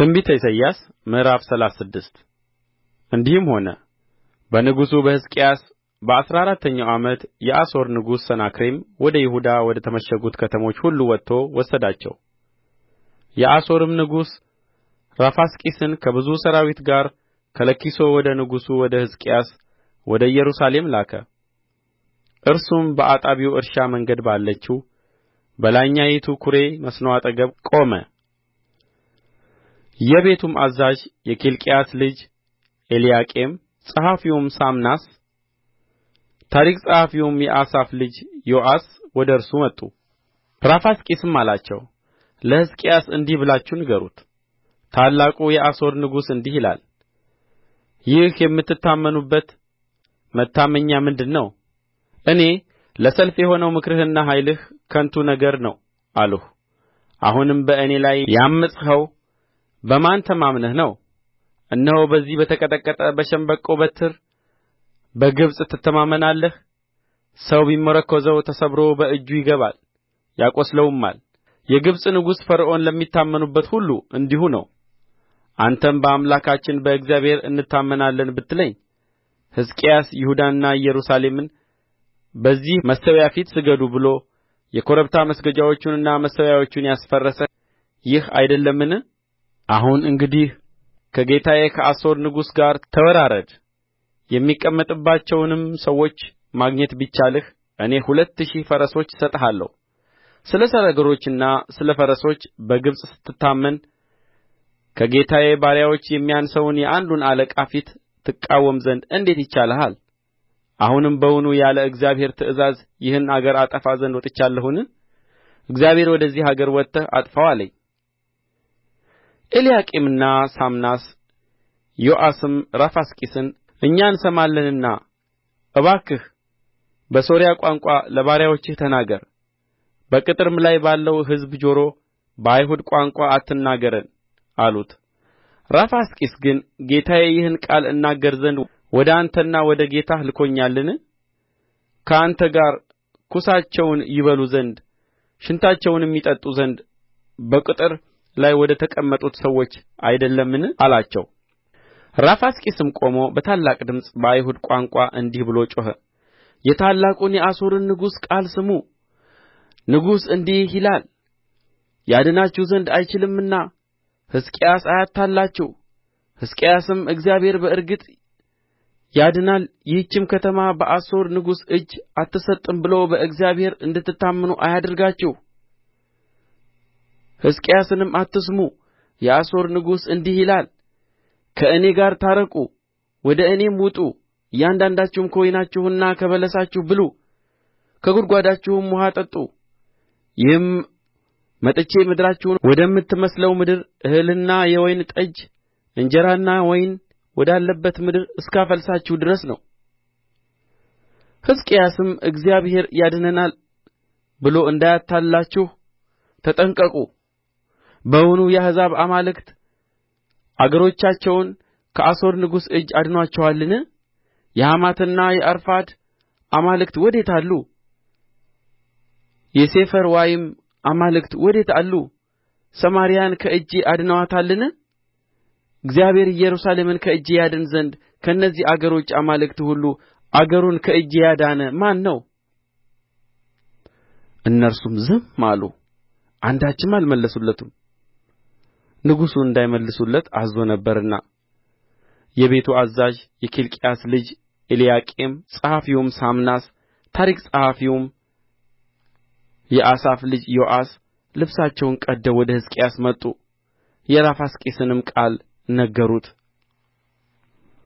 ትንቢተ ኢሳይያስ ምዕራፍ ሰላሳ ስድስት እንዲህም ሆነ በንጉሡ በሕዝቅያስ በአሥራ አራተኛው ዓመት የአሦር ንጉሥ ሰናክሬም ወደ ይሁዳ ወደ ተመሸጉት ከተሞች ሁሉ ወጥቶ ወሰዳቸው የአሦርም ንጉሥ ራፋስቂስን ከብዙ ሠራዊት ጋር ከለኪሶ ወደ ንጉሡ ወደ ሕዝቅያስ ወደ ኢየሩሳሌም ላከ እርሱም በአጣቢው እርሻ መንገድ ባለችው በላይኛይቱ ኵሬ መስኖ አጠገብ ቆመ የቤቱም አዛዥ የኬልቅያስ ልጅ ኤልያቄም ጸሐፊውም ሳምናስ ታሪክ ጸሐፊውም የአሳፍ ልጅ ዮአስ ወደ እርሱ መጡ ራፋስቂስም አላቸው ለሕዝቅያስ እንዲህ ብላችሁ ንገሩት ታላቁ የአሦር ንጉሥ እንዲህ ይላል ይህ የምትታመኑበት መታመኛ ምንድር ነው እኔ ለሰልፍ የሆነው ምክርህና ኃይልህ ከንቱ ነገር ነው አልሁ አሁንም በእኔ ላይ ያመፅኸው በማን ተማምነህ ነው እነሆ በዚህ በተቀጠቀጠ በሸምበቆ በትር በግብጽ ትተማመናለህ ሰው ቢመረኰዘው ተሰብሮ በእጁ ይገባል ያቈስለውማል የግብጽ ንጉሥ ፈርዖን ለሚታመኑበት ሁሉ እንዲሁ ነው አንተም በአምላካችን በእግዚአብሔር እንታመናለን ብትለኝ ሕዝቅያስ ይሁዳንና ኢየሩሳሌምን በዚህ መሠዊያ ፊት ስገዱ ብሎ የኮረብታ መስገጃዎቹንና መሠዊያዎቹን ያስፈረሰ ይህ አይደለምን አሁን እንግዲህ ከጌታዬ ከአሦር ንጉሥ ጋር ተወራረድ የሚቀመጡባቸውንም ሰዎች ማግኘት ቢቻልህ እኔ ሁለት ሺህ ፈረሶች እሰጥሃለሁ ስለ ሰረገሎችና ስለ ፈረሶች በግብጽ ስትታመን ከጌታዬ ባሪያዎች የሚያንሰውን የአንዱን አለቃ ፊት ትቃወም ዘንድ እንዴት ይቻልሃል አሁንም በውኑ ያለ እግዚአብሔር ትእዛዝ ይህን አገር አጠፋ ዘንድ ወጥቻለሁን እግዚአብሔር ወደዚህ አገር ወጥተህ አጥፋው አለኝ ኤልያቄምና ሳምናስ ዮአስም ራፋስቂስን እኛ እንሰማለንና እባክህ በሶርያ ቋንቋ ለባሪያዎችህ ተናገር በቅጥርም ላይ ባለው ሕዝብ ጆሮ በአይሁድ ቋንቋ አትናገረን አሉት ራፋስቂስ ግን ጌታዬ ይህን ቃል እናገር ዘንድ ወደ አንተና ወደ ጌታህ ልኮኛልን ከአንተ ጋር ኵሳቸውን ይበሉ ዘንድ ሽንታቸውንም ይጠጡ ዘንድ በቅጥር ላይ ወደ ተቀመጡት ሰዎች አይደለምን አላቸው ራፋስቂስም ቆሞ በታላቅ ድምፅ በአይሁድ ቋንቋ እንዲህ ብሎ ጮኸ የታላቁን የአሦርን ንጉሥ ቃል ስሙ ንጉሥ እንዲህ ይላል ያድናችሁ ዘንድ አይችልምና ሕዝቅያስ አያታላችሁ። ሕዝቅያስም እግዚአብሔር በእርግጥ ያድናል ይህችም ከተማ በአሦር ንጉሥ እጅ አትሰጥም ብሎ በእግዚአብሔር እንድትታመኑ አያድርጋችሁ ሕዝቅያስንም አትስሙ የአሦር ንጉሥ እንዲህ ይላል ከእኔ ጋር ታረቁ ወደ እኔም ውጡ እያንዳንዳችሁም ከወይናችሁና ከበለሳችሁ ብሉ ከጕድጓዳችሁም ውኃ ጠጡ ይህም መጥቼ ምድራችሁን ወደምትመስለው ምድር እህልና የወይን ጠጅ እንጀራና ወይን ወዳለበት ምድር እስካፈልሳችሁ ድረስ ነው ሕዝቅያስም እግዚአብሔር ያድነናል ብሎ እንዳያታልላችሁ ተጠንቀቁ በውኑ የአሕዛብ አማልክት አገሮቻቸውን ከአሦር ንጉሥ እጅ አድነዋቸዋልን የሐማትና የአርፋድ አማልክት ወዴት አሉ የሴፈርዋይም አማልክት ወዴት አሉ ሰማርያን ከእጄ አድነዋታልን እግዚአብሔር ኢየሩሳሌምን ከእጄ ያድን ዘንድ ከእነዚህ አገሮች አማልክት ሁሉ አገሩን ከእጄ ያዳነ ማን ነው እነርሱም ዝም አሉ አንዳችም አልመለሱለትም ንጉሡ እንዳይመልሱለት አዝዞ ነበርና የቤቱ አዛዥ የኬልቅያስ ልጅ ኤልያቄም ጸሐፊውም ሳምናስ ታሪክ ጸሐፊውም የአሳፍ ልጅ ዮአስ ልብሳቸውን ቀድደው ወደ ሕዝቅያስ መጡ የራፋስቂስንም ቃል ነገሩት